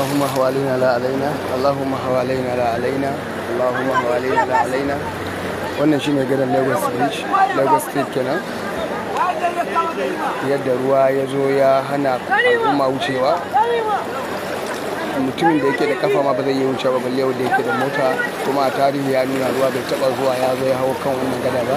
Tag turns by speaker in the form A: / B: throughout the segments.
A: اللهم حوالينا لا علينا اللهم حوالينا لا علينا اللهم حوالينا لا علينا wannan shine gadon lagos bridge lagos street kenan yadda ruwa ya zo ya hana al'umma wucewa mutumin da yake da kafa ma ba zai yi wuce ba balle wanda yake da mota kuma a tarihi ya nuna ruwa bai taba zuwa ya zo ya hawo kan wannan gada ba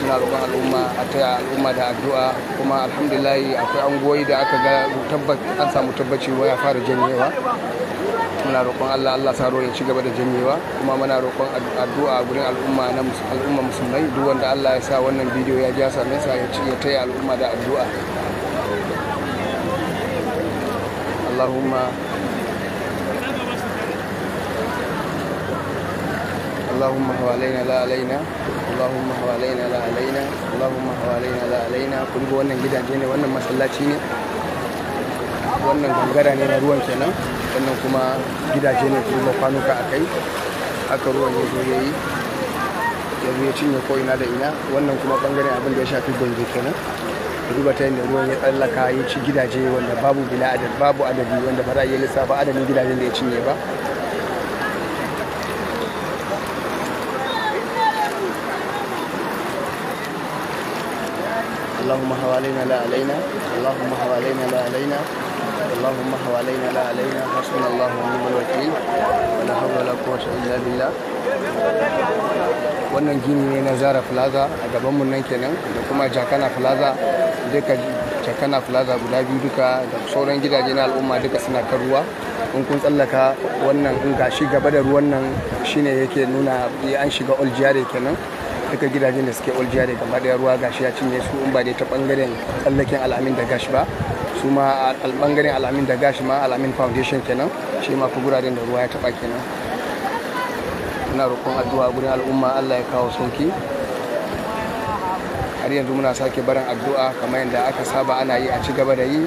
A: suna roƙon al'umma a ta al'umma da addu'a kuma alhamdulillahi akwai angoyi da aka ga an samu tabbaci ya fara janyewa muna roƙon Allah Allah saro ya ci gaba da janyewa kuma muna roƙon addu'a a gurin al'umma na al'umma musulmai duk wanda Allah ya sa wannan bidiyo ya ja same sa ya ci ya taya al'umma da addu'a Allahumma Allahumma wa alaina la alaina اللهم حوالينا لا علينا اللهم حوالينا لا علينا كل wannan gidaje ne wannan masallaci ne wannan gangara ne na ruwan kenan wannan kuma gidaje ne kuma kwanuka a kai aka ruwan ya zo ya yi cinye ko ina da ina wannan kuma bangaren abin da ya shafi gombe kenan duba ta ruwan ya tsallaka ya ci gidaje wanda babu bila adad babu adadi wanda ba za a iya lissafa adadin gidajen da ya cinye ba اللهم حوالينا لا علينا اللهم حوالينا لا علينا اللهم حوالينا لا علينا حسبنا الله ونعم الوكيل ولا حول ولا قوة إلا بالله wannan gini ne na zara plaza a gabanmu nan kenan da kuma jakana plaza duka jakana plaza guda biyu duka da sauran gidaje na al'umma duka suna kan ruwa in kun tsallaka wannan in gashi gaba da ruwan nan shine yake nuna eh, an shiga oljiyare kenan daga gidajen da suke oljiya da gaba daya ruwa gashi ya cinye su in ba dai ta bangaren tsallaken al'amin da gashi ba su ma bangaren al'amin da gashi ma al'amin foundation kenan shi ma fi guraren da ruwa ya taba kenan ina roƙon addu'a gurin al'umma Allah ya kawo sauki har yanzu muna sake barin addu'a kamar yadda aka saba ana yi a ci gaba da yi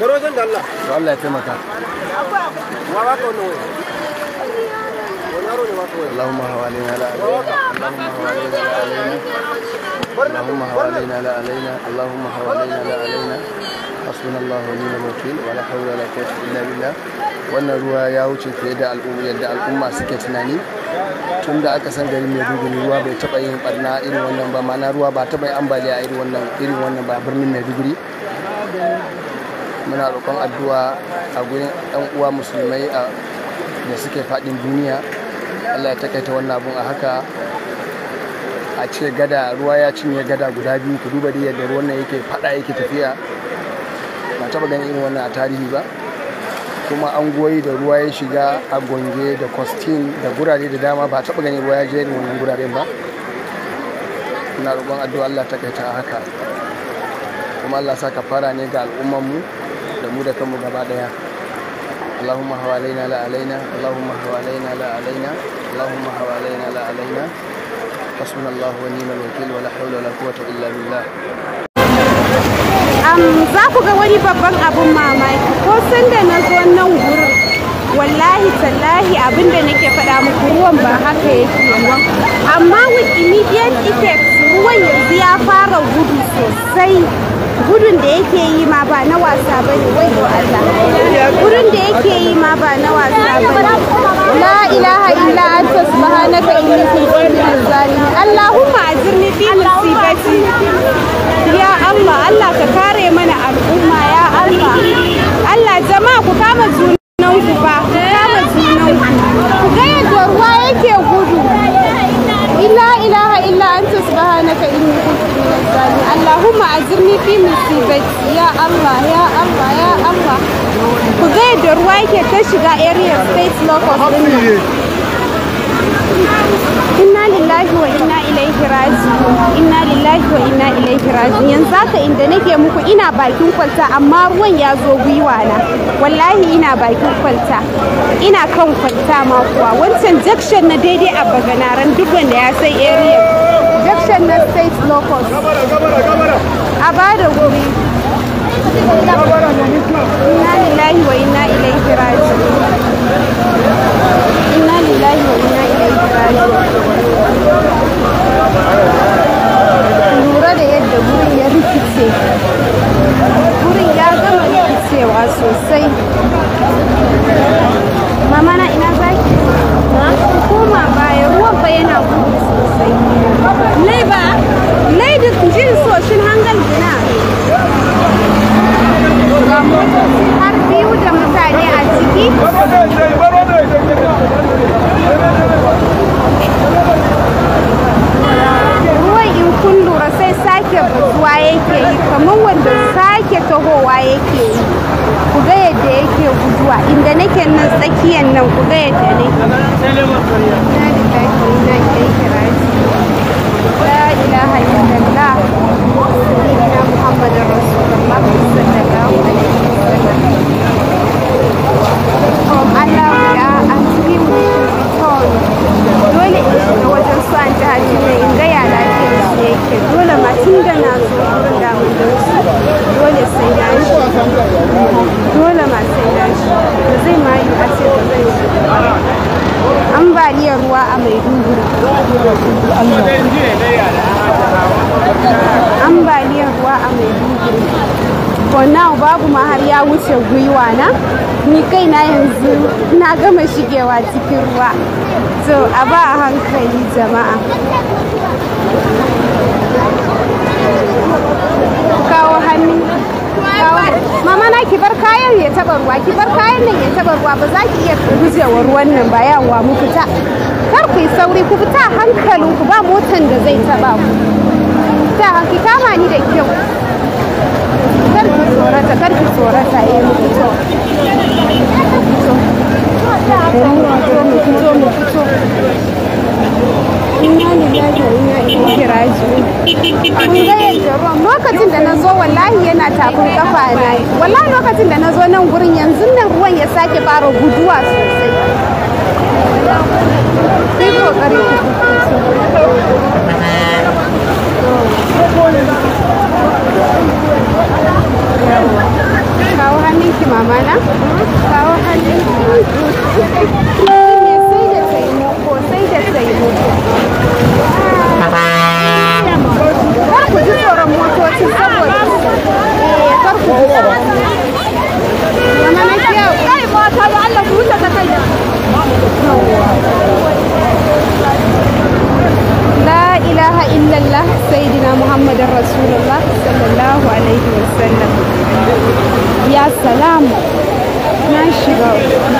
A: Baro da Allah. To ya taimaka. Wa ba wannan ne اللهم حوالينا لا علينا اللهم حوالينا لا علينا حسبنا الله ونعم الوكيل ولا حول ولا قوه الا بالله wannan ruwa ya wuce fiye da yadda al'umma suke tunani tun da aka san garin maiduguri ruwa bai taba yin barna irin wannan ba ma'ana ruwa ba yin ambaliya irin wannan ba birnin maiduguri muna roƙon addu'a a gurin yan uwa musulmai a da suke faɗin duniya allah ya takaita wannan abun a haka a ce gada ruwa ya cinye gada guda biyu ku duba da yadda ruwan yake faɗa yake tafiya ba taɓa ganin irin wannan a tarihi ba kuma an goyi da ruwa ya shiga a gonge da kwastin da gurare da dama ba taɓa ganin ruwa ya je irin wannan guraren ba ina roƙon addu'a allah kaita a haka kuma allah sa ka fara ne ga al'ummanmu mu mu da kanmu gaba daya allahumma hawalaina la alaina allahumma hawalaina la alaina allahumma hawalaina la alaina hasbunallahu wa ni'mal wakil wa la hawla wa la quwwata illa billah am za ku ga wani babban abun
B: mamaki ko san da na zo nan gurin wallahi tallahi abin da nake faɗa muku ruwan ba haka yake yawan amma with immediate effect ruwan yanzu ya fara gudu sosai gudun da yake yi ma ba na wasa ba ne wai ko Allah gudun da yake yi ma ba na wasa ba ne la ilaha illa anta subhanaka inni kuntu minaz zalimin allahumma ajirni fi musibati ya Allah Allah ka kare mana al'umma ya Allah Allah jama'a ku kama junan ku ba ku kama junan ku ku ga yadda ruwa yake gudu la ilaha illa anta subhanaka inni azumi fi musibai ya Allah ya Allah ya Allah ku ga yadda ruwa yake ta shiga area space locus din inna lillahi wa inna ilaihi raji'un inna lillahi wa inna ilaihi raji'un yanzu haka inda nake muku ina bakin kwalta amma ruwan ya zo gwiwa na wallahi ina bakin kwalta ina kan kwalta ma kuwa wancan jakshan na daidai a bagana ran duk wanda ya sai area na state locus a ba
A: da
B: inna lillahi wa inna ilaihi lura da yadda wurin ya rikice Wurin ya gama rikicewa sosai Ruwan in kun lura sai sake butuwa yake yi kamar wanda sake tahowa yake yi. Ku yadda yake guduwa inda nake nan tsakiyan nan ku ga yadda nake. La ilaha illallah. Sayyidina Muhammadin Rasulullah sallallahu alaihi wasallam. rayuwa a maiduguri for now babu ma har ya wuce gwiwa na ni kai na yanzu na gama shigewa cikin ruwa to a ba a hankali jama'a
A: kawo hannu
B: mama na ki bar kayan ya taba ruwa ki bar kayan nan ya taba ruwa ba za ki iya gujewa ruwan nan ba yawa mu fita kar ku yi sauri ku fita ku ba motan da zai taba ku ta ki kama ni da kyau karki tsorata karki tsorata eh mu fito mu fito mu fito lokacin da na zo wallahi yana tafin kafa na wallahi lokacin da na zo nan gurin yanzu nan ruwan ya sake fara guduwa sosai kawo hannunki mamana kawo hannunki out.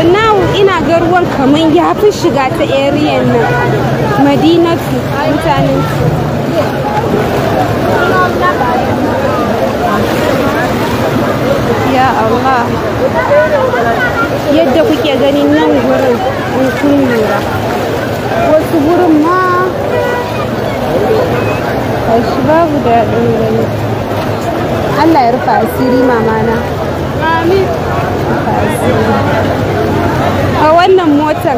B: for ina ga ruwan kamar ya fi shiga ta area nan madinatu mutanen ya Allah yadda kuke ganin nan gurin in kun lura wasu gurin ma shi babu daɗin gani Allah ya rufa asiri mamana amin rufa a wannan motar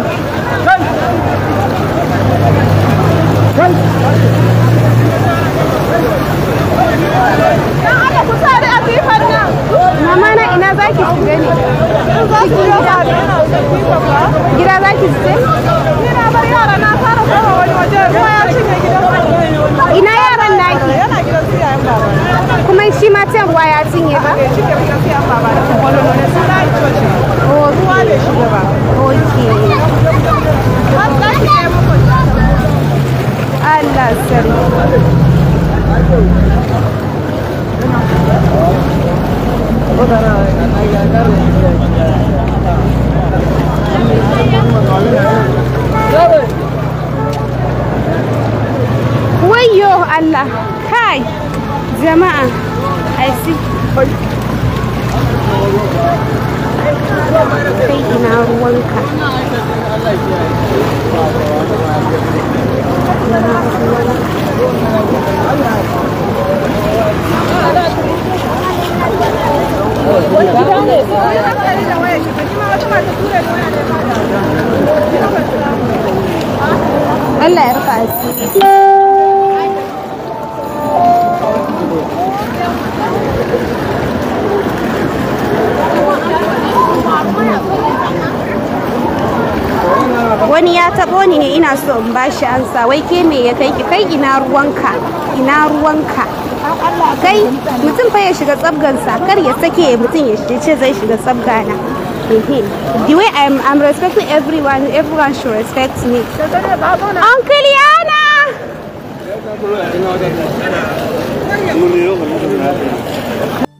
B: Oh Allah. Kai. Jama'a. I see. Kai ina ruwanka. Allah ya rufa asiri. wani ya taɓo ni ne ina so in shi ansa wai ke me ya kai ki kai ina ruwanka ina ruwanka kai mutum fa ya shiga tsabgansa kar ya sake mutum ya ce zai shiga tsabgana the way I'm, I'm respecting everyone, everyone should respect me. Uncle Yana! No bien. muy